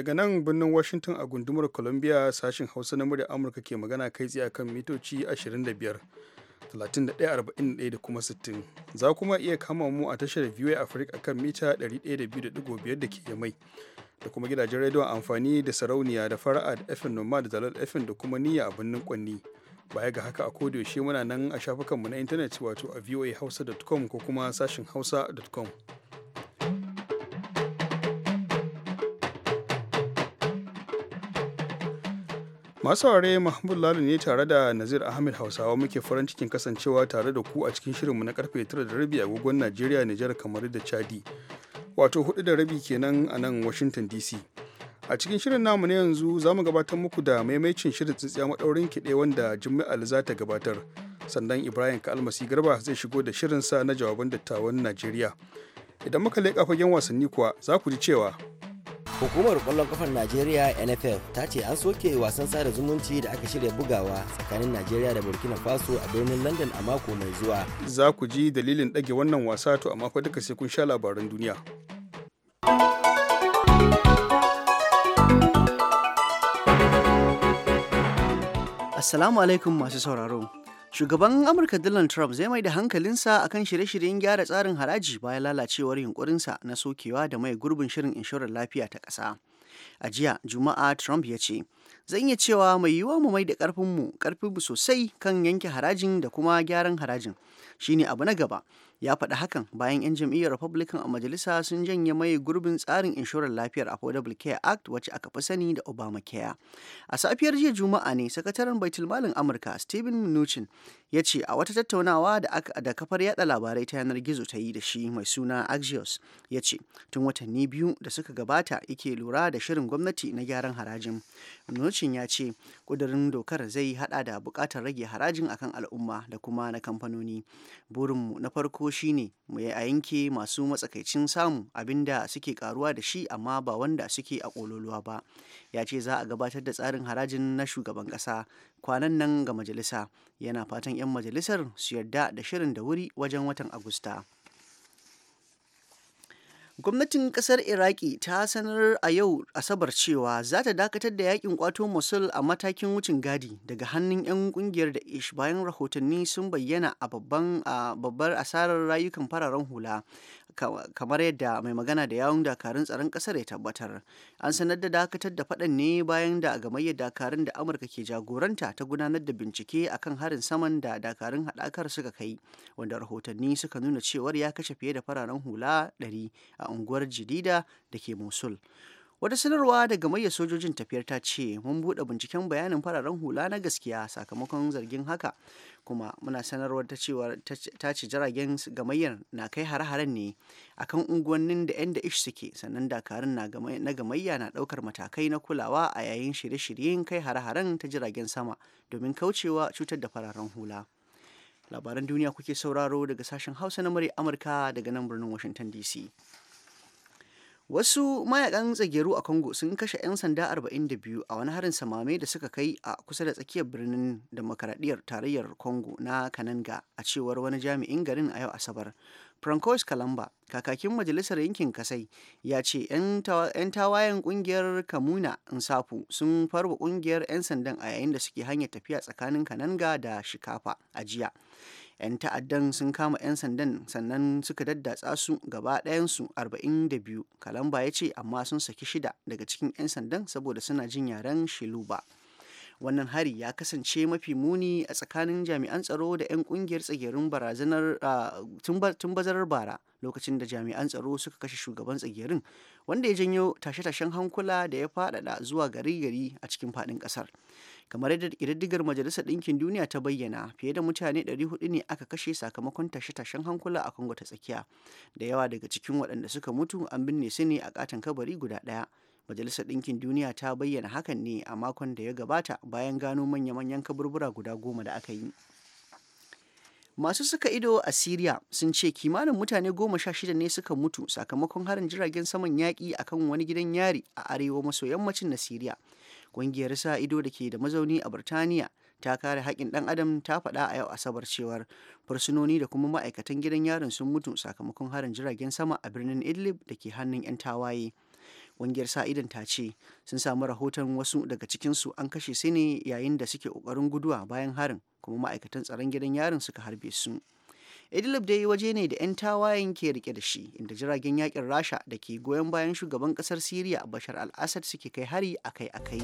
daga nan birnin washington a gundumar columbia sashin hausa na murya amurka ke magana kai tsaye akan mitoci 25 31 da kuma 60 za kuma iya kama mu a tashar viewer Africa akan mita 102.5 da ke mai da kuma gidajen rediyon amfani da sarauniya da fara'a da FM Noma da Dalal FM da kuma niyya a birnin Kwanni baya ga haka a yaushe muna nan a shafukanmu na intanet wato a voahausa.com ko kuma sashin hausa.com Masu saurare Mahmud Lalu ne tare da Nazir Ahmed Hausawa muke farin cikin kasancewa tare da ku a cikin shirinmu na karfe 9 da rabi agogon Najeriya, Nijar, kamar da Chadi. Wato 4 da rabi kenan a nan Washington DC. A cikin shirin namu na yanzu za mu gabatar muku da maimaicin shirin tsintsiya maɗaurin kiɗe wanda Jummai za ta gabatar. Sannan Ibrahim Kalmasi Garba zai shigo da shirinsa na jawaban dattawan Najeriya. Idan muka leƙa fagen wasanni kuwa za ku ji cewa hukumar kwallon kafar najeriya nff ta ce an soke wasan sada zumunci da aka shirya bugawa tsakanin najeriya da burkina faso a birnin london a mako mai zuwa za ku ji dalilin ɗage wannan wasa to amma fa duka sai kun sha labaran duniya assalamu alaikum masu sauraro Shugaban Amurka Donald Trump zai mai da hankalinsa akan shirye-shiryen gyara tsarin haraji bayan lalacewar yunkurinsa na sokewa da mai gurbin shirin inshorar lafiya ta ƙasa. A jiya, Juma'a Trump ya ce, zan iya cewa mai yiwuwa mu mai da ƙarfinmu ƙarfinmu sosai kan yanke harajin da kuma gyaran harajin Shi ne abu na gaba ya faɗi hakan bayan 'yan jam'iyyar republican a majalisa sun janye mai gurbin tsarin inshorar lafiyar affordable care act wacce aka fi sani da obamacare a safiyar jiya juma'a ne sakataren malin amurka stephen mnuchin ya ce a wata tattaunawa da kafar yada labarai ta yanar gizo ta yi da shi mai suna axios ya ce tun watanni biyu da suka gabata yake lura da shirin gwamnati na gyaran harajin mnuchin ya ce kudurin dokar zai hada da buƙatar rage harajin akan al'umma da kuma na kamfanoni burinmu na farko shine mu a yanke masu matsakaicin samu abin da suke karuwa da shi amma ba wanda suke a kololuwa ba ya ce za a gabatar da tsarin harajin na shugaban kasa kwanan nan ga majalisa yana fatan 'yan majalisar su yarda da shirin da wuri wajen watan agusta Gwamnatin kasar Iraki ta sanar a yau Asabar cewa za ta dakatar da yakin kwato Mosul a matakin wucin gadi daga hannun 'yan kungiyar da ish bayan rahotanni sun bayyana a babbar asarar rayukan fararen hula kamar yadda mai magana da yawun dakarun tsaron kasar ya tabbatar an sanar da dakatar da faɗan ne bayan da gamayyar dakarun da amurka ke jagoranta ta gudanar da bincike akan harin saman da dakarun haɗakar suka kai wanda rahotanni suka nuna cewar ya kashe fiye da fararen hula 100 a unguwar Jidida da ke Mosul. Wata sanarwa daga gamayyar sojojin tafiyar ta ce mun buɗe binciken bayanin fararen hula na gaskiya sakamakon zargin haka kuma muna sanarwar ta cewa ta ce jiragen gamayyar na kai hare-haren ne akan unguwannin da 'yan da ish suke sannan dakarun na gamayya na ɗaukar matakai na kulawa a yayin shirye-shiryen kai hare-haren ta jiragen sama domin kaucewa cutar da fararen hula. Labaran duniya kuke sauraro daga sashen Hausa na murya Amurka daga nan birnin Washington DC. wasu mayakan tsageru a congo sun kashe 'yan sanda 42 a wani harin samame da suka kai a kusa da tsakiyar birnin demokaradiyyar tarayyar congo na kananga a cewar wani jami'in garin a yau asabar francois kalamba kakakin majalisar yankin kasai ya ce 'yan tawayen kungiyar kamuna nsapu sun farwa kungiyar 'yan sandan a yayin da suke hanyar tafiya tsakanin kananga da shikafa a jiya 'yan ta'addan sun kama 'yan sandan sannan suka daddatsa su gaba ɗayansu 42 kalamba ya ce amma sun saki shida daga cikin 'yan sandan saboda suna jin yaren shiluba wannan hari ya kasance mafi muni a tsakanin jami'an tsaro da 'yan kungiyar tsagerun barazanar tun bazarar bara lokacin da jami'an tsaro suka kashe shugaban tsagerin wanda ya janyo tashe-tashen hankula da ya faɗaɗa zuwa gari-gari a cikin faɗin ƙasar. kamar yadda kididdigar majalisar ɗinkin duniya ta bayyana fiye da mutane 400 ne aka kashe sakamakon tashe-tashen hankula a kongo ta tsakiya da yawa daga cikin waɗanda suka mutu an binne su ne a katon kabari guda ɗaya majalisar ɗinkin duniya ta bayyana hakan ne a makon da ya gabata bayan gano manya-manyan kaburbura guda goma da aka yi masu suka ido a syria sun ce kimanin mutane goma sha shida ne suka mutu sakamakon harin jiragen saman yaƙi akan wani gidan yari a arewa maso yammacin na syria Ƙungiyar sa ido da ke da mazauni a Birtaniya ta kare haƙƙin ɗan adam ta faɗa a yau asabar cewar fursunoni da kuma ma'aikatan gidan yarin sun mutu sakamakon harin jiragen sama a birnin idlib da ke hannun 'yan tawaye ƙungiyar sa idan ta ce sun samu rahoton wasu daga cikinsu an kashe su ne yayin da suke ƙoƙarin guduwa bayan harin kuma ma'aikatan tsaron gidan yarin suka harbe su. idlib dai waje ne da 'yan tawayen ke rike da shi inda jiragen yakin rasha da ke goyon bayan shugaban kasar siriya bashar al-assad suke kai hari akai-akai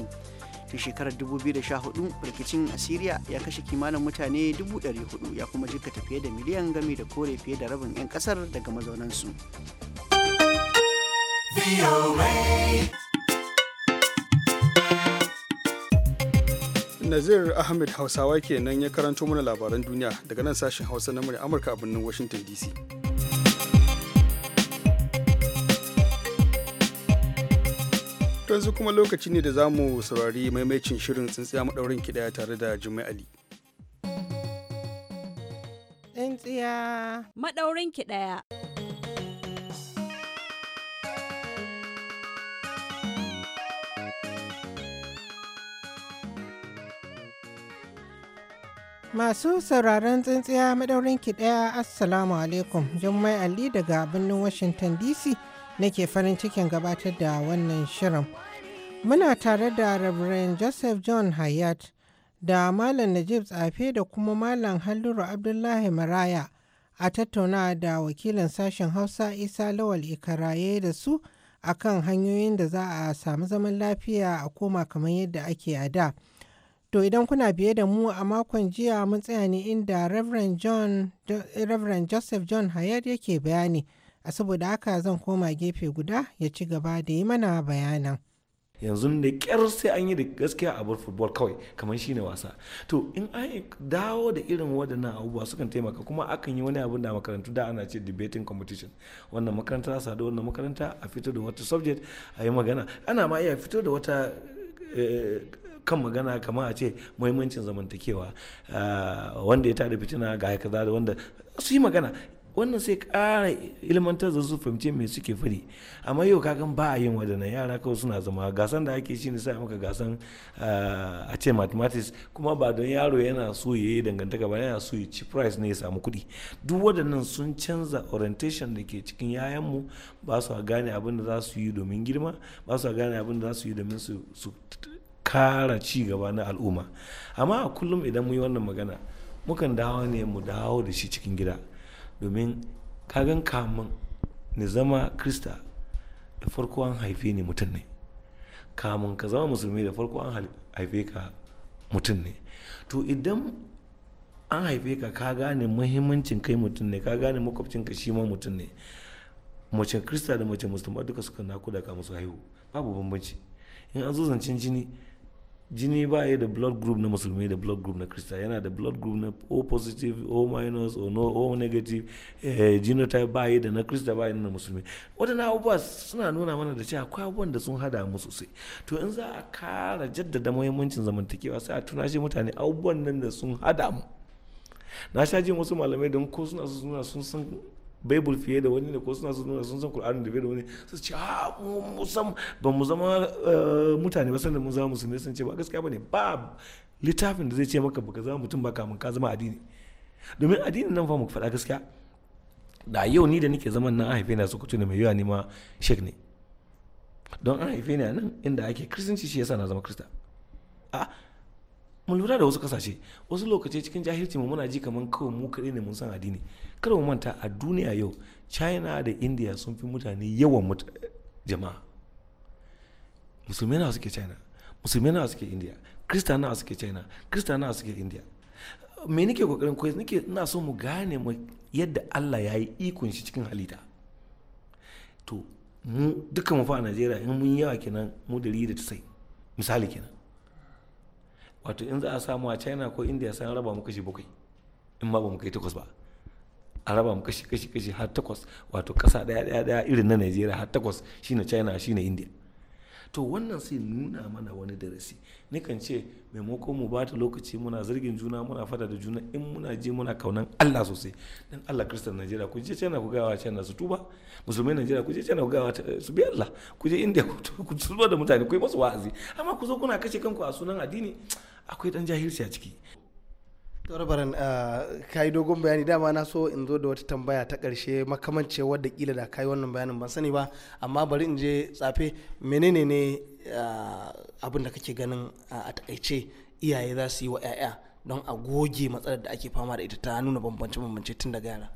tun shekarar 2014 rikicin a siriya ya kashe kimanin mutane 400 ya kuma jikata fiye da miliyan gami da kore fiye da rabin 'yan kasar daga mazaunansu. Nazir Ahmed Hausawa kenan ya karanto mana labaran duniya daga nan sashen Hausa na murya Amurka a birnin Washington DC. yanzu kuma lokaci ne da za mu saurari maimacin shirin tsintsiya maɗaurin kiɗaya tare da Jumai Ali. Tsintsiya maɗaurin kiɗaya. Masu sauraron tsintsiya madaurin ki ɗaya Assalamu alaikum Jummai Ali daga birnin Washington DC nake farin cikin gabatar da wannan shirin. Muna tare da Reverend Joseph John Hayat da Malam Najib Tsafe da kuma Malam Halluru Abdullahi Maraya a tattauna da wakilin sashen Hausa Isa Lawal Ikaraye da su akan hanyoyin da za a samu zaman lafiya a koma kamar yadda ake a da. To idan kuna biye da mu a makon jiya mun tsaya ne inda Reverend, Joseph John Hayat yake bayani, a saboda haka zan koma gefe guda ya ci gaba da yi mana bayanan. yanzu da kyar sai an yi da gaskiya a bar football kawai kamar shine wasa to in an dawo da irin waɗannan abubuwa sukan taimaka kuma akan yi wani abin da makarantu da ana ce debating competition wannan makaranta a sadu wannan makaranta a fito da wata subject a yi magana ana ma iya fito da wata eh, kan magana kamar a ce muhimmancin zamantakewa ah, wanda ya tada fitina ga kaza da wanda su yi magana wannan sai ƙara ilmantar da su fahimci me suke fari amma yau ka ba a yin waɗannan yara kawai suna zama gasan da ake shi ne sai maka gasan ah, a ce mathematics kuma ba don yaro yana so ya yi dangantaka ba yana so ya ci price ne ya samu kuɗi duk waɗannan sun canza orientation da ke cikin yayanmu ba su gane abin da za su yi domin girma ba su gane abin da za su yi domin su kara ci gaba na al'umma amma a kullum idan mu yi wannan magana mukan dawo ne mu dawo da shi cikin gida domin kagan kamun ni zama krista da farko an haife ni mutum ne kamun ka zama musulmi da farko an haife ka mutum ne to idan an haife ka ka gane muhimmancin kai mutum ne ka gane ka shi ma mutum ne mace krista da mace musulma duka suka nakuda ka musu haihu babu bambanci in an zo zancen jini jini ba ya da blood group na musulmi da blood group na krista yana da blood group na o positive o minus o no o negative eh, genotype ba ya da na krista ba ya na musulmi waɗannan abubuwa suna nuna mana da cewa akwai abubuwan da sun hada mu sosai to in za a kara jaddada muhimmancin zamantakewa sai a tuna shi mutane abubuwan nan da sun hada mu na sha jin wasu malamai don ko suna suna sun san bible fiye da wani ne ko suna sun san qur'ani da fiye da wani su ce a ah, mu san ba mu zama eh, mutane ba sannan mun zama musulmi sun ce ba gaskiya bane ba littafin da zai ce maka ka zama mutum ba kamun ka zama addini domin addinin nan fa mu faɗa gaskiya da yau ni da nake zaman nan haife na sokoto ne mai yawa ni ma shek ne don an haife ni a nan inda ake kristanci shi yasa na zama krista a ah, mun lura da wasu kasashe wasu lokaci cikin jahilci mu muna ji kamar kawai mu kaɗai ne mun san addini kar mu manta a duniya yau china da india sun fi mutane yawan jama'a musulmai nawa suke china musulmai nawa suke india krista nawa suke china krista nawa suke india me nike kokarin koyi nike ina so mu gane mu yadda allah ya yi ikon shi cikin halitta to mu dukkan mu fa a najeriya in mun yawa kenan mu da 190 misali kenan wato in za a samu a china ko india sai an raba mu kashi bakwai in ma ba mu kai takwas ba a raba mu kashi kashi kashi har takwas wato kasa daya daya daya irin na nigeria har takwas shine china shine india to wannan sai nuna mana wani darasi kan ce moko mu ba ta lokaci muna zargin juna muna fada da juna in muna je muna kaunan Allah sosai dan Allah kristan nigeria ku je China ku gawa China su tuba musulmai nigeria ku je China ku gawa su bi Allah ku je India ku tuba da mutane ku yi masu wa'azi amma ku zo kuna kashe kanku a sunan addini akwai dan jahilci a ciki taurabaran ah, ka yi dogon bayani dama na so in zo da wata tambaya ta karshe makamance wadda kila da ka yi wannan bayanin ban sani ba amma bari in je tsafe menene ne ah, abin da kake ganin ah, a takaice iyaye za su yi wa 'ya'ya don a goge matsalar da ake fama da ita ta nuna bambance-bambance tun daga yara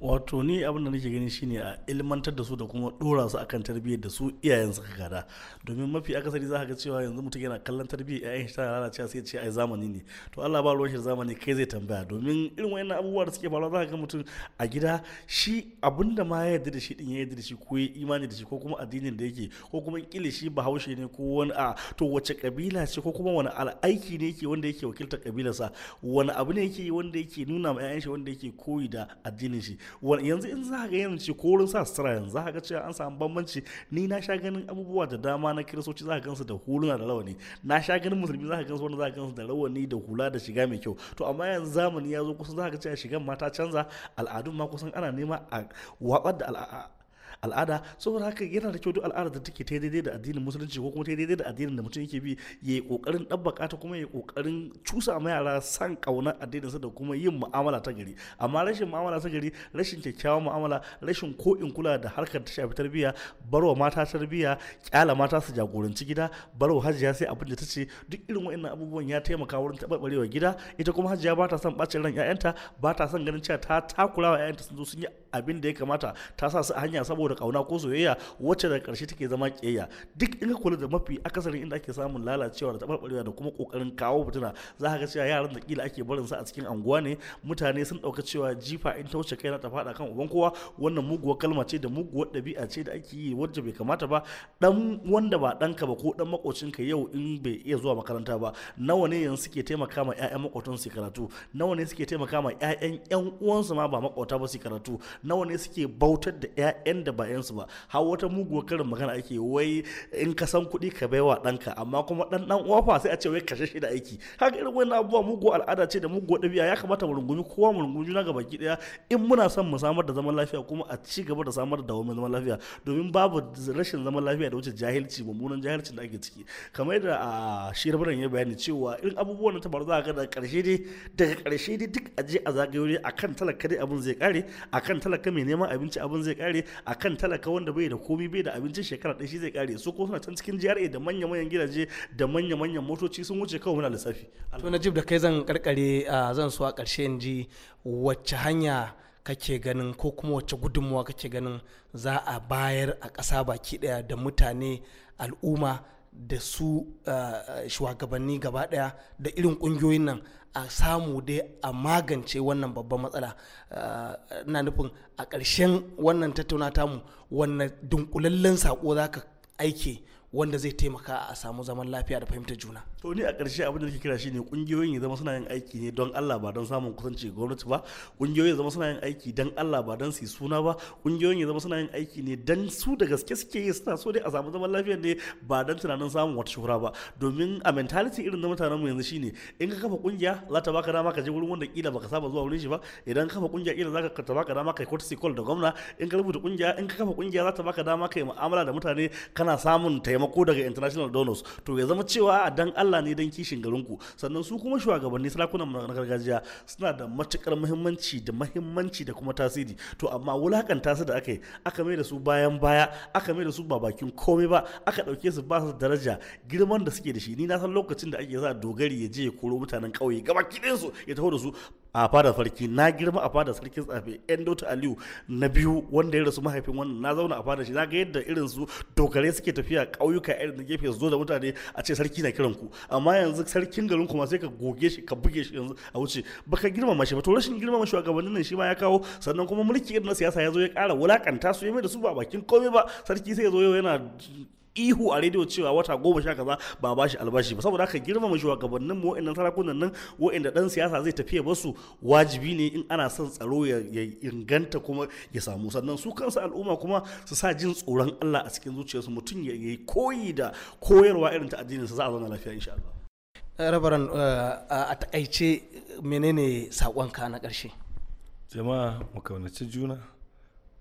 wato ni abin da nake gani shine a ilmantar da su da kuma dora su akan tarbiyyar da su iyayen suka gada domin mafi akasari za ga cewa yanzu mutum yana kallon tarbiyyar iyayen shi tana lalacewa sai ce ai zamani ne to Allah ba ruwan shi zamani kai zai tambaya domin irin wayannan abubuwa da suke faruwa za ga mutum a gida shi abin da ma ya yarda da shi din ya yarda da shi ko ya imani da shi ko kuma addinin da yake ko kuma kila shi bahaushe ne ko wani a to wace kabila ce ko kuma wani al'aiki ne yake wanda yake wakiltar kabilarsa wani abu ne yake wanda yake nuna ma 'ya'yan shi wanda yake koyi da addinin shi yanzu in za ga yanzu ko wurin sa sutura yanzu za ga cewa an samu bambanci ni na sha ganin abubuwa da dama na kiristoci za ka gansu da huluna da rawani na sha ganin musulmi za ka gansu wani za ka gansu da rawani da hula da shiga mai kyau to amma yanzu zamani ya zo kusan za ka cewa shigan mata canza al'adun ma kusan ana nema a watsar da al'ada saboda haka yana da kyau duk al'ada da take ta daidai da addinin musulunci ko kuma ta daidai da addinin da mutum yake bi ya yi kokarin dabbaka ta kuma ya yi kokarin cusa ma yara san kauna addinin su da kuma yin mu'amala ta gari amma rashin mu'amala ta gari rashin kyakkyawan mu'amala rashin ko in kula da harkar ta shafi tarbiyya barwa mata tarbiyya kyala mata su jagoranci gida barwa hajiya sai abin da ta ce duk irin wa'annan abubuwan ya taimaka wurin taɓarɓarewa gida ita kuma hajiya ba ta son bacin ran 'ya'yanta ba ta son ganin cewa ta takura wa 'ya'yanta sun zo sun yi abin da ya kamata ta sa su a hanya saboda kauna ko soyayya wacce daga karshe take zama kiyayya duk in ka kula da mafi akasarin inda ake samun lalacewa da tabarbarewa da kuma kokarin kawo fitina za ka ga cewa yaran da kila ake barin su a cikin anguwa ne mutane sun ɗauka cewa jifa in ta wuce kaina ta fada kan uban kowa wannan muguwar kalma ce da muguwar dabi'a ce da ake yi wacce bai kamata ba dan wanda ba danka ba ko dan makocin ka yau in bai iya zuwa makaranta ba nawa ne yanzu suke taimaka ma 'ya'yan makotan su karatu nawa ne suke taimaka ma 'ya'yan 'yan uwansu ma ba makota ba su karatu nawa ne suke bautar da 'ya'yan da ba 'yansu ba har wata muguwa karin magana ake wai in ka san kuɗi ka baiwa ɗanka amma kuma ɗan ɗan uwa sai a ce wai kashe shi da aiki haka irin wannan abubuwa muguwa al'ada ce da muguwa ɗabi'a ya kamata mu rungumi kowa mu rungumi juna gaba ki ɗaya in muna son mu samar da zaman lafiya kuma a ci gaba da samar da dawamin zaman lafiya domin babu rashin zaman lafiya da wuce jahilci mummunan jahilcin da ake ciki kamar yadda a shirbiran ya bayani cewa in abubuwan da ta faru za a ga daga ƙarshe dai daga ƙarshe dai duk je a zagayo a akan talaka dai abin zai kare akan talaka talaka mai neman abinci abin zai kare akan talaka wanda bai da komi bai da abinci shekara ɗaya shi zai kare su ko suna can cikin GRA da manya manyan gidaje da manya manyan motoci sun wuce kawai muna lissafi to jib da kai zan karkare zan so a ƙarshe in ji wacce hanya kake ganin ko kuma wacce gudunmuwa kake ganin za a bayar a ƙasa baki ɗaya da mutane al'umma da su shugabanni gaba ɗaya da irin ƙungiyoyin nan a samu dai a magance wannan babban matsala ah, na nufin a ƙarshen wannan tattauna tamu wannan dunkulallen sako za ka aike wanda zai taimaka a samu zaman lafiya da fahimtar juna. To ni a ƙarshe abin da nake kira shine kungiyoyin ya zama suna yin aiki ne don Allah ba don samun kusanci gwamnati ba, kungiyoyin ya zama suna yin aiki don Allah ba don su suna ba, kungiyoyin ya zama suna yin aiki ne don su da gaske suke yi suna so dai a samu zaman lafiya ne ba don tunanin samun wata shuhura ba. Domin a mentality irin na mutanen mu yanzu shine in ka kafa kungiya za ta baka dama ka je wurin wanda kila baka saba zuwa wurin shi ba, idan ka kafa kungiya kila za ka ta baka dama kai courtesy call da gwamna, in ka rubuta kungiya in ka kafa kungiya za ta baka dama kai mu'amala da mutane kana samun taimako taimako daga international donors to ya zama cewa dan Allah ne dan kishin garinku sannan su kuma shugabanni sarakunan na gargajiya suna da matukar muhimmanci da muhimmanci da kuma tasiri to amma wulakanta su da aka yi aka mai da su bayan baya aka mai da su ba bakin komai ba aka dauke su ba su daraja girman da suke da shi ni na san lokacin da ake za dogari ya je ya koro mutanen kauye gaba ya taho da su a fada sarki na girma a fada sarkin tsafe yan dauta aliyu na biyu wanda ya rasu mahaifin wannan na zauna a fada shi na ga yadda irin su dogare suke tafiya ƙauyuka irin da gefe su zo da mutane a ce sarki na kiran ku amma yanzu sarkin garin kuma sai ka goge shi ka buge shi yanzu a wuce baka girmama shi ba to rashin girmama shugabannin nan shi ma ya kawo sannan kuma mulki irin na siyasa ya zo ya kara wulakanta su ya mai da su ba bakin komai ba sarki sai ya zo yau yana ihu a rediyo cewa wata goma sha kaza ba ba shi albashi ba saboda haka girmama shugabannin mu wa'annan sarakunan nan wa'anda dan siyasa zai tafiya basu wajibi ne in ana son tsaro ya inganta kuma ya samu sannan su kansu al'umma kuma su sa jin tsoron Allah a cikin zuciyarsu mutum ya yi koyi da koyarwa irin ta addinin sa za a zauna lafiya insha Allah eh, rabaran eh, a takaice menene sakonka na karshe jama'a mu kaunaci juna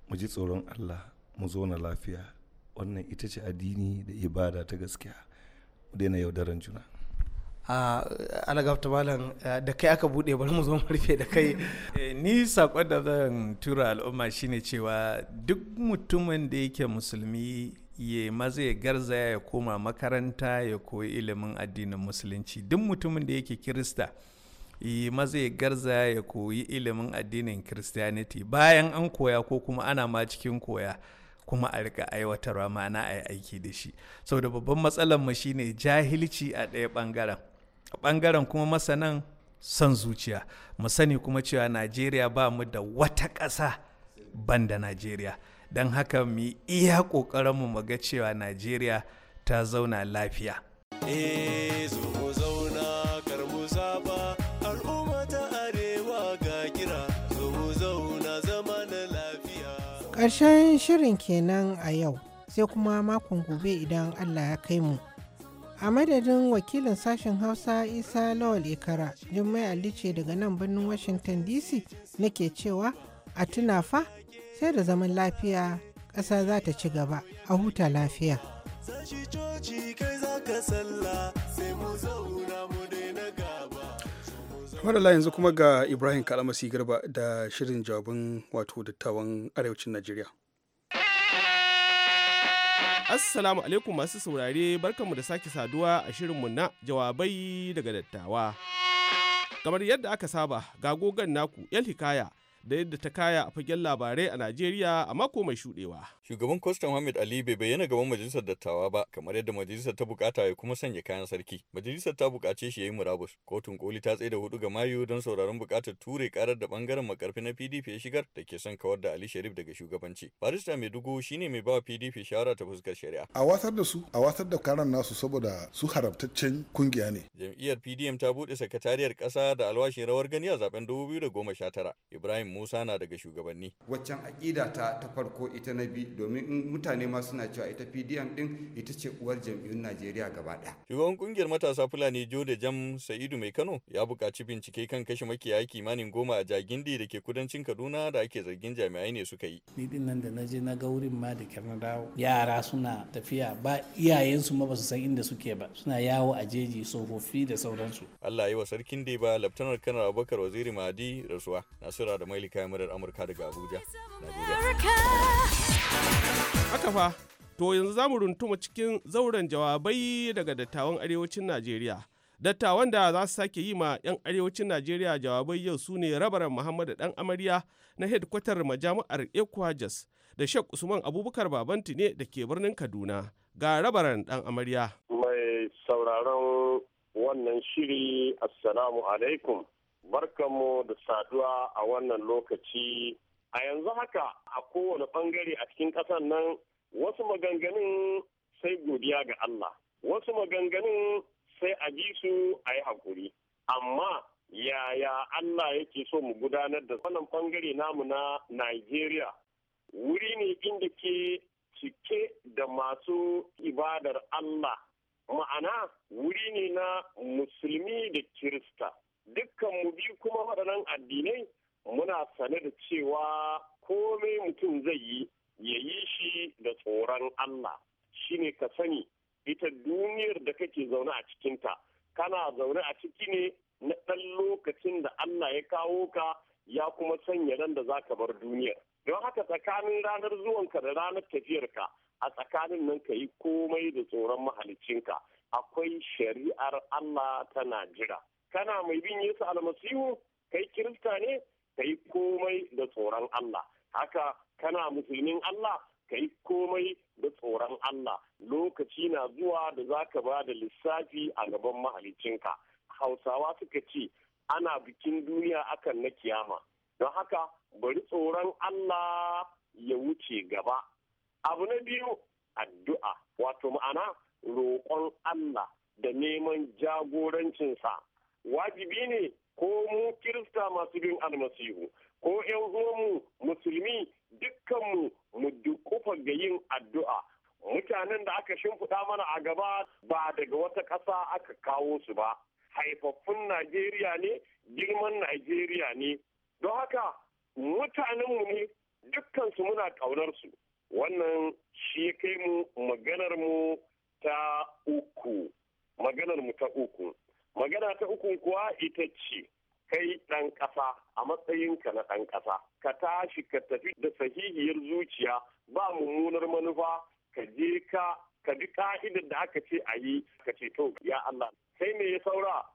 mu ji tsoron Allah mu zo na lafiya wannan ita ce addini da ibada ta gaskiya daina yaudaran juna a alagafta malam da kai aka bude bari mu zo mu rufe da kai eh, ni sakon da zan tura al'umma shine cewa duk mutumin da yake musulmi ya maza ya garzaya ya koma makaranta ya koyi ilimin addinin musulunci duk mutumin da yake kirista ya maza ya garzaya ya koyi ilimin addinin christianity bayan an koya ko kuma ana ma cikin koya kuma a rika aiwatarwa ma'ana a yi aiki da shi saboda babban matsalar mu shine jahilci a ɗaya ɓangaren a ɓangaren kuma masanan son zuciya mu sani kuma cewa najeriya ba mu da wata ƙasa ban da najeriya don haka mu iya ƙoƙarinmu mu ga cewa najeriya ta zauna lafiya. Eh, Ƙarshen shirin kenan a yau sai kuma makon gobe idan Allah ya kai mu. A madadin wakilin sashen Hausa Isa Lawal Ikara, Jummai Ali ce daga nan birnin Washington DC nake cewa a tuna fa sai da zaman lafiya ƙasa za ta ci gaba a huta lafiya. Sashi kai za sai mu zauna mu dai. la yanzu kuma ga Ibrahim Kalamasi Garba da shirin jawabin wato dattawan arewacin Najeriya. Assalamu alaikum masu saurare barkanmu da sake saduwa a shirinmu na jawabai daga dattawa. Kamar yadda aka saba ga gogon naku 'yan Hikaya da yadda ta kaya a fagen labarai a Najeriya a mako mai shudewa. Shugaban Kwastam Hamid Ali bai bayyana gaban majalisar dattawa ba kamar yadda majalisar ta bukata ya kuma sanya kayan sarki. Majalisar ta bukace shi ya yi murabus. Kotun koli ta tsaye da hudu ga Mayu don sauraron bukatar ture karar da bangaren makarfi na PDP ya shigar da ke son kawar da Ali Sharif daga shugabanci. Barista mai dugu shine mai bawa PDP shawara ta fuskar shari'a. A watsar da su, a watsar da karan nasu saboda su haramtaccen kungiya ne. Jam'iyyar PDM ta bude sakatariyar kasa da alwashin rawar gani a zaben 2019. Ibrahim Musa na daga shugabanni. Waccan aƙida ta ta farko ita na bi domin in mutane ma suna cewa ita PDM din ita ce uwar jam'iyyun Najeriya gaba ɗaya. Shugaban kungiyar matasa Fulani Jode Jam Sa'idu Mai Kano ya buƙaci bincike kan kashe makiyaya kimanin goma a Jagindi da ke kudancin Kaduna da ake zargin jami'ai ne suka yi. Ni din nan da na je na ga wurin ma da kyar dawo. Yara suna tafiya ba iyayensu ma ba su san inda suke ba suna yawo a jeji tsofaffi da sauransu. Allah yi wa sarkin dai ba Laftanar Kanar Abubakar Waziri Mahadi rasuwa Nasira da mai Malli kayan murar Amurka daga Abuja. Haka fa, to yanzu za mu runtuma cikin zauren jawabai daga dattawan arewacin Najeriya. Dattawan da za su sake yi ma 'yan arewacin Najeriya jawabai yau su ne rabaran Muhammadu Dan Amarya na hedkwatar majami'ar Ekwa da Sheikh Usman Abubakar Babanti ne da ke birnin Kaduna. Ga rabaran Dan Amarya. Mai sauraron wannan shiri Assalamu alaikum. barkanmu da saduwa a wannan lokaci a yanzu haka a kowane bangare a cikin ƙasar nan wasu maganganun sai godiya ga Allah wasu maganganun sai a ji su a yi haƙuri amma yaya Allah yake so mu gudanar da wannan bangare namu na Najeriya wuri ne inda ke cike da masu ibadar Allah ma'ana wuri ne na musulmi da kirista dukkan mu biyu kuma waɗannan addinai muna sane da cewa komai mutum zai yi ya yi shi da tsoron Allah shine ka sani ita duniyar da kake zaune a cikinta kana zaune a ciki ne na ɗan lokacin da Allah ya kawo ka ya kuma sanya nan da za ka bar duniyar don haka tsakanin ranar zuwanka da ranar tafiyarka a tsakanin nan ka yi komai da tsoron mahalicinka akwai shari'ar Allah tana jira kana mai bin Yesu almasihu kai kirista ne kai komai da tsoron Allah haka kana musulmin Allah kai komai da tsoron Allah lokaci na zuwa da za ka ba da lissafi a gaban mahalicinka hausawa suka ce ana bikin duniya akan na kiyama don haka bari tsoron Allah ya wuce gaba abu na biyu addu'a wato ma'ana roƙon Allah da neman jagorancinsa wajibi ne ko mu kirista masu bin almasihu ko yan uwanmu musulmi dukkanmu mu dukufa ga yin addu'a mutanen da aka shimfiɗa mana a gaba ba daga wata ƙasa aka kawo su ba haifaffun najeriya ne girman najeriya ne don haka mutanenmu ne dukkansu muna ƙaunarsu wannan shi kai mu maganar mu ta uku maganar mu ta uku magana ta ukun kuwa ita ce kai ɗan ƙasa a matsayinka na ɗan ƙasa ka tashi ka tafi da sahihiyar zuciya ba mummunar manufa ka je ka ka bi ka'idar da aka ce a yi ka ce to ya Allah sai me ya saura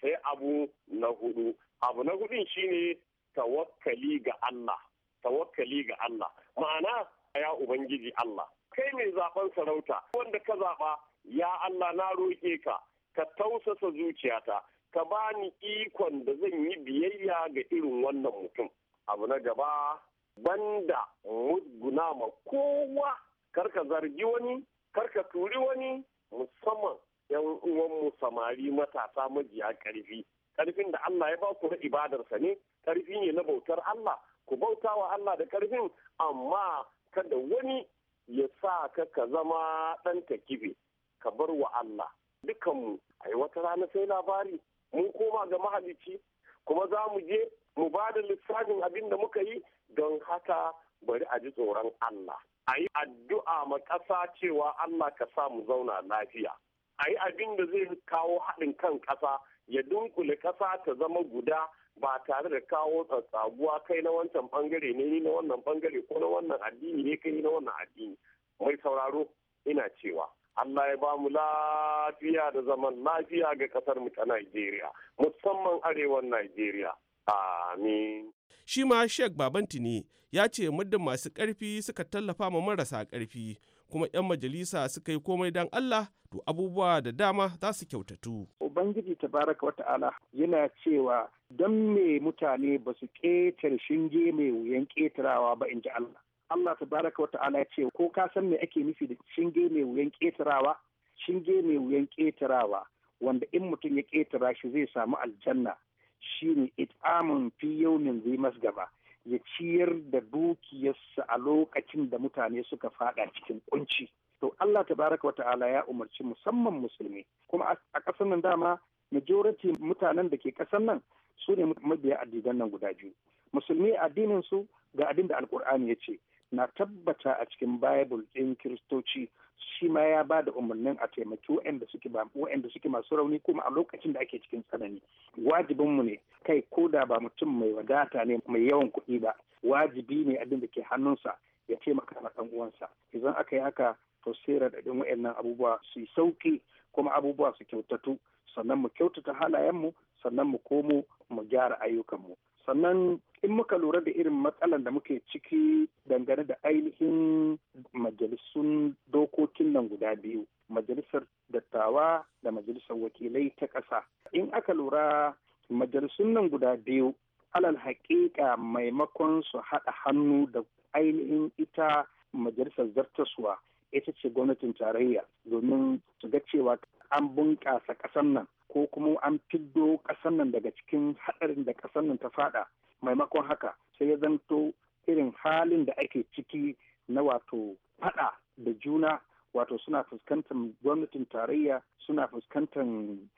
sai abu na hudu abu na hudun shine tawakkali ga Allah tawakkali ga Allah ma'ana ya ubangiji Allah kai mai zaben sarauta wanda ka zaba ya Allah na roƙe ka ka tausasa zuciyata ka bani ikon da zan yi biyayya ga irin wannan mutum abu na gaba banda musguna ma kowa karka zargi wani karka turi wani musamman yan uwanmu samari matasa majiya karfi karfin da Allah ya ba ku na ibadarsa ne karfi ne na bautar Allah ku bauta wa Allah da karfin amma kada wani ya sa ka ka zama ɗan kife ka bar wa Allah dukkanmu yi wata rana sai labari mun koma ga mahalicci kuma za mu je mu ba da lissafin abin da muka yi don haka bari a ji tsoron Allah. A yi addu'a ma ƙasa cewa Allah ka sa mu zauna lafiya. A yi abin da zai kawo haɗin kan ƙasa ya dunkule ƙasa ta zama guda ba tare da kawo tsatsaguwa kai na wancan bangare ne ni na wannan bangare ko na wannan addini ne kai na wannan addini. Mai sauraro ina cewa Allah ya ba mu lafiya da zaman lafiya ga kasar mu ta Najeriya, musamman arewan Najeriya. Amin. Shi ma Sheikh Babantini ya ce muddin masu ƙarfi suka tallafa ma marasa ƙarfi, kuma 'yan majalisa suka yi komai don Allah to abubuwa da dama za su kyautatu. Ubangiji tabaraka wata'ala yana cewa don me mutane ba su ƙetare shinge mai wuyan ƙetarawa ba in Allah. Allah tabaraka wa ta'ala ya ce ko ka san me ake nufi da shinge mai wuyan ƙetarawa shinge mai wuyan ƙetarawa wanda in mutum ya ƙetara shi zai samu aljanna shine it'amun fi yawmin zai masgaba ya ciyar da dukiyarsa a lokacin da mutane suka fada cikin kunci to Allah tabaraka wa ta'ala ya umarci musamman musulmi kuma a ƙasar nan dama majority mutanen da ke ƙasar nan su ne mabiya addinan nan guda biyu musulmi addinin su ga abin da alkur'ani ya ce na tabbata a cikin bible ɗin kiristoci shi ma ya ba da umarnin a taimaki waɗanda suke masu rauni kuma a lokacin da ake cikin tsanani wajibinmu ne kai ko da ba mutum mai wadata ne mai yawan kuɗi ba wajibi ne abin da ke hannunsa ya taimaka ma ɗan uwansa idan aka yi haka to sai raɗaɗin waɗannan abubuwa su yi sauƙi kuma abubuwa su kyautatu sannan mu kyautata halayenmu sannan mu komo mu gyara ayyukanmu sannan in muka lura da irin matsalar da muke ciki dangane da ainihin majalisun dokokin nan guda biyu majalisar dattawa da majalisar wakilai ta ƙasa in aka lura majalisun nan guda biyu alal haƙiƙa maimakon su haɗa hannu da ainihin ita majalisar zartaswa ita ce gwamnatin tarayya domin su ga cewa an bunƙasa ƙasar nan ko kuma an fiddo ƙasar nan daga cikin haɗarin da ƙasar nan ta faɗa maimakon haka sai ya zanto irin halin da ake ciki na wato faɗa da juna wato suna fuskantar gwamnatin tarayya suna fuskantar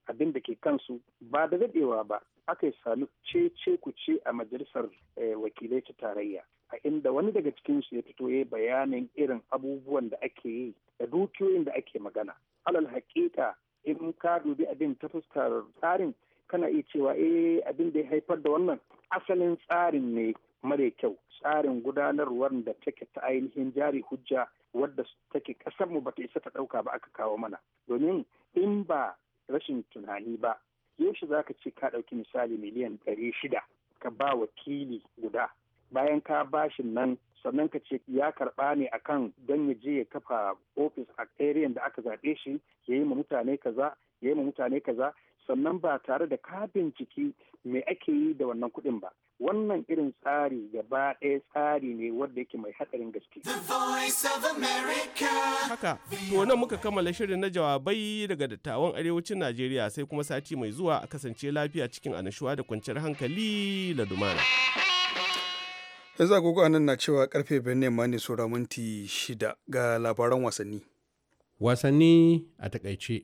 abin da ke kansu ba da daɗewa ba aka sami cece ce a majalisar eh, wakilai ta tarayya a inda wani daga cikin su ya fito ya bayanin irin abubuwan da ake yi da dukiyoyin da ake magana alal haƙiƙa in ka dubi abin ta fuskar tsarin kana iya cewa eh abin da ya haifar da wannan asalin tsarin ne mara kyau tsarin gudanarwar da take ta ainihin jari hujja wadda take mu bata isa ta ɗauka ba aka kawo mana domin in ba rashin tunani ba yaushe za ka ce ka ɗauki misali miliyan ɗari shida ka ba wakili guda bayan ka bashi nan sannan ka ce ya karba ne akan don ya je ya kafa ofis a area da aka zaɓe shi ya yi ma mutane kaza ya yi ma mutane kaza sannan ba tare da ka binciki me ake yi da wannan kuɗin ba wannan irin tsari gaba ɗaya tsari ne wanda yake mai haɗarin gaske. Haka, to nan muka kammala shirin na jawabai daga dattawan arewacin Najeriya sai kuma sati mai zuwa a kasance lafiya cikin anashuwa da kwanciyar hankali da dumana. yanzu za a nan na cewa karfe biyar ne ma ne minti shida ga labaran wasanni wasanni a takaice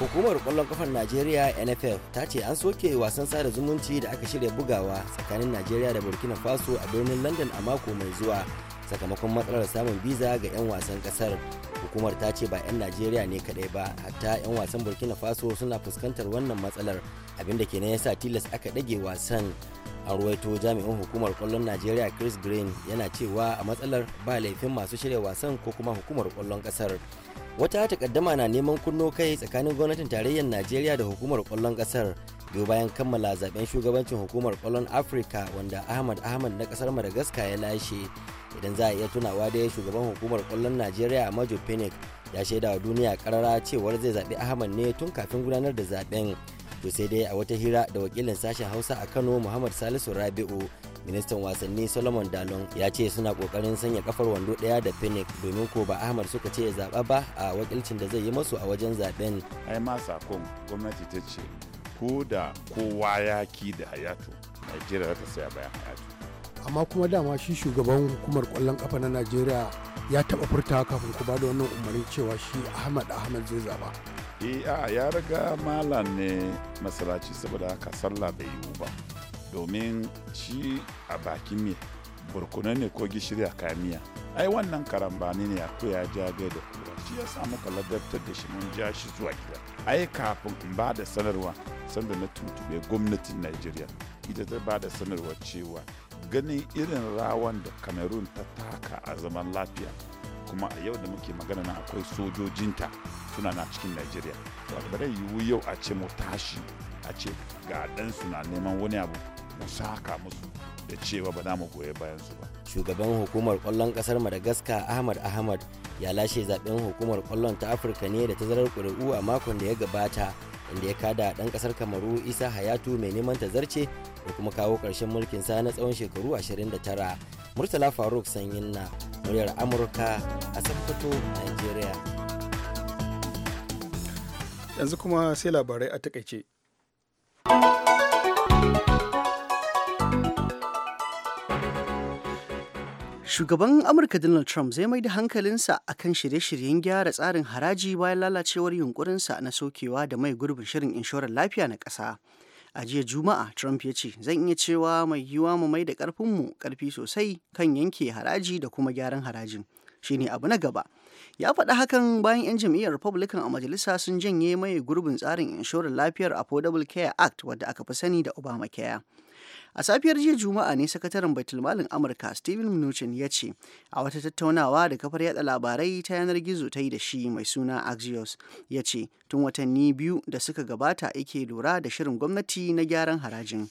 hukumar kwallon kafar najeriya nff ta ce an soke wasan sada zumunci da aka shirya bugawa tsakanin najeriya da burkina faso a birnin london a mako mai zuwa sakamakon matsalar samun biza ga 'yan wasan kasar hukumar ta ce ba 'yan najeriya ne kadai ba hatta 'yan wasan burkina faso suna fuskantar wannan matsalar abinda ke ya yasa tilas aka dage wasan a ruwaito jami'in hukumar kwallon najeriya chris green yana cewa a matsalar ba laifin masu shirya wasan ko kuma hukumar kwallon kasar wata takaddama na neman kunno kai tsakanin gwamnatin tarayyar najeriya da hukumar kwallon kasar biyu bayan kammala zaben shugabancin hukumar kwallon afirka wanda ahmad ahmad na kasar madagascar ya lashe idan za a iya tunawa ya shugaban hukumar kwallon najeriya majo phoenix ya shaida wa duniya karara cewar zai zaɓi ahmad ne tun kafin gudanar da zaɓen to sai dai a wata hira da wakilin sashen hausa a kano muhammad salisu rabi'u ministan wasanni solomon dalon ya ce suna kokarin sanya kafar wando daya da phoenix domin ko ba ahmad suka ce ya zaɓa ba a wakilcin da zai yi masu a wajen zaɓen ai ma sakon gwamnati ta ce ko da kowa ya ki da hayato najeriya za ta saya bayan hayato amma kuma dama shi shugaban hukumar kwallon kafa na najeriya ya taba furta kafin ku da wannan umarni cewa shi ahmad ahmad zai zaba eh a ya riga malam ne masalaci saboda haka sallah bai yiwu ba domin shi a bakin me burkuna ne ko gishiri a kamiya ai wannan karambani ne akwai ya ja gai da kura shi ya samu kalagabtar da shi mun ja shi zuwa gida ai kafin in ba da sanarwa sanda na tuntube gwamnatin najeriya ita ta ba da sanarwar cewa ganin irin rawan da cameroon ta taka a zaman lafiya kuma a yau da muke magana na akwai sojojinta suna na cikin nigeria ba zai yiwu yau a ce mu tashi a ce ga dan na neman wani abu mu saka musu da cewa ba mu goye bayan su ba shugaban hukumar kwallon kasar madagascar ahmad ahmad ya lashe zaben hukumar kwallon ta afirka ne da tazarar ƙuri'u a makon da ya gabata inda ya kada dan kasar kamaru isa hayatu mai neman tazarce da kuma kawo ƙarshen mulkin sa na tsawon shekaru 29 murtala faruk sanyin na muryar amurka a sokoto nigeria yanzu kuma sai labarai a takaice Shugaban Amurka Donald Trump zai mai da hankalinsa a kan shirye-shiryen gyara tsarin haraji bayan lalacewar yunkurinsa na sokewa da mai gurbin shirin inshorar lafiya na ƙasa. a jiya juma'a trump ya ce zan iya cewa mai yiwuwa mu mai da karfinmu karfi sosai kan yanke haraji da kuma gyaran harajin ne abu na gaba ya faɗi hakan bayan 'yan jam'iyyar republican a majalisa sun janye mai gurbin tsarin inshorar lafiyar affordable care act wadda aka fi sani da obamacare A safiyar jiya Juma'a ne sakataren Baitulmalin Amurka Steven Mnuchin ya ce a wata tattaunawa da kafar yada labarai ta yanar gizo ta yi da shi mai suna Axios ya ce tun watanni biyu da suka gabata yake lura da shirin gwamnati na gyaran harajin.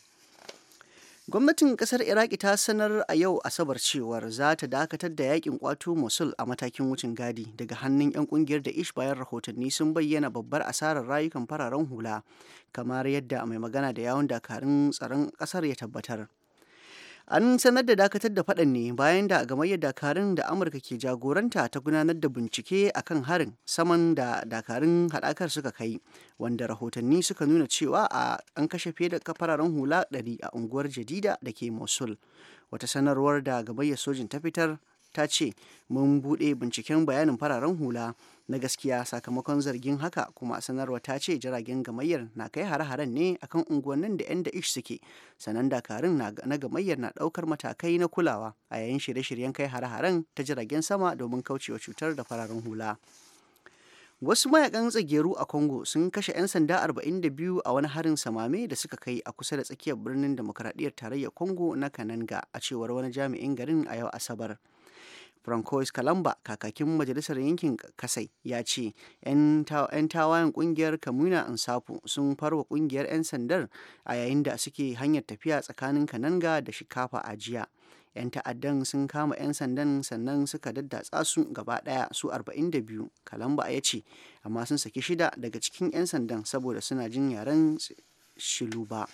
Gwamnatin kasar Iraki ta sanar a yau Asabar cewar za ta dakatar da yakin kwato Mosul a matakin wucin gadi daga hannun 'yan kungiyar da ish bayan rahotanni sun bayyana babbar asarar rayukan fararen hula kamar yadda mai magana da yawon dakarun tsaron kasar ya tabbatar. an sanar da dakatar da faɗan ne bayan da gamayyar dakarun da amurka ke jagoranta ta gudanar da bincike a kan harin saman da dakarun haɗakar suka kai wanda rahotanni suka nuna cewa a an kashe fiye da kafararen hula 100 a unguwar jadida da ke mosul wata sanarwar da gamayyar sojin ta fitar ta ce mun bude binciken bayanin fararen hula na gaskiya sakamakon zargin haka kuma sanarwa ta ce jiragen gamayyar na kai hare-haren ne akan unguwannin da 'yan da'ish suke sanan dakarun na gamayyar na daukar matakai na kulawa a yayin shirye-shiryen kai hare-haren ta jiragen sama domin kaucewa cutar da fararen hula. wasu mayakan tsageru a congo sun kashe 'yan sanda 42 a wani harin samame da suka kai a kusa da tsakiyar birnin demokradiyyar tarayyar congo na kananga a cewar wani jami'in garin a yau asabar francois kalamba kakakin majalisar yankin kasai ya ce 'yan tawayen kungiyar kamuna insafu sun farwa kungiyar 'yan sandar a yayin da suke hanyar tafiya tsakanin kananga da shikafa a jiya 'yan ta'addan sun kama 'yan sandan sannan suka daddatsa su gaba ɗaya su 42 kalamba ya ce amma sun saki shida daga cikin 'yan sandan saboda suna jin yaren shiluba.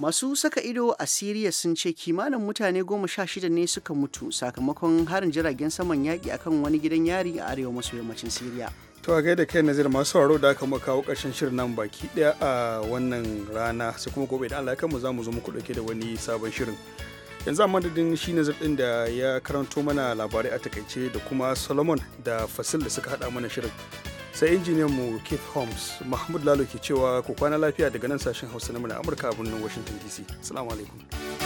masu saka ido a siriya sun ce kimanin mutane goma sha shida ne suka mutu sakamakon harin jiragen saman yaƙi akan wani gidan yari a arewa maso yammacin siriya to a gaida kai nazir masu sauraro da aka kawo ƙarshen shirin nan baki ɗaya a wannan rana sai kuma gobe da allah za mu zo muku ɗauke da wani sabon shirin yanzu a madadin shi nazir ɗin da ya karanto mana labarai a takaice da kuma solomon da fasil da suka haɗa mana shirin sai injiniyan mu Keith Holmes Mahmud Lalo ke cewa ku kwana lafiya daga nan sashen Hausa na Amurka a birnin Washington DC. Assalamu alaikum.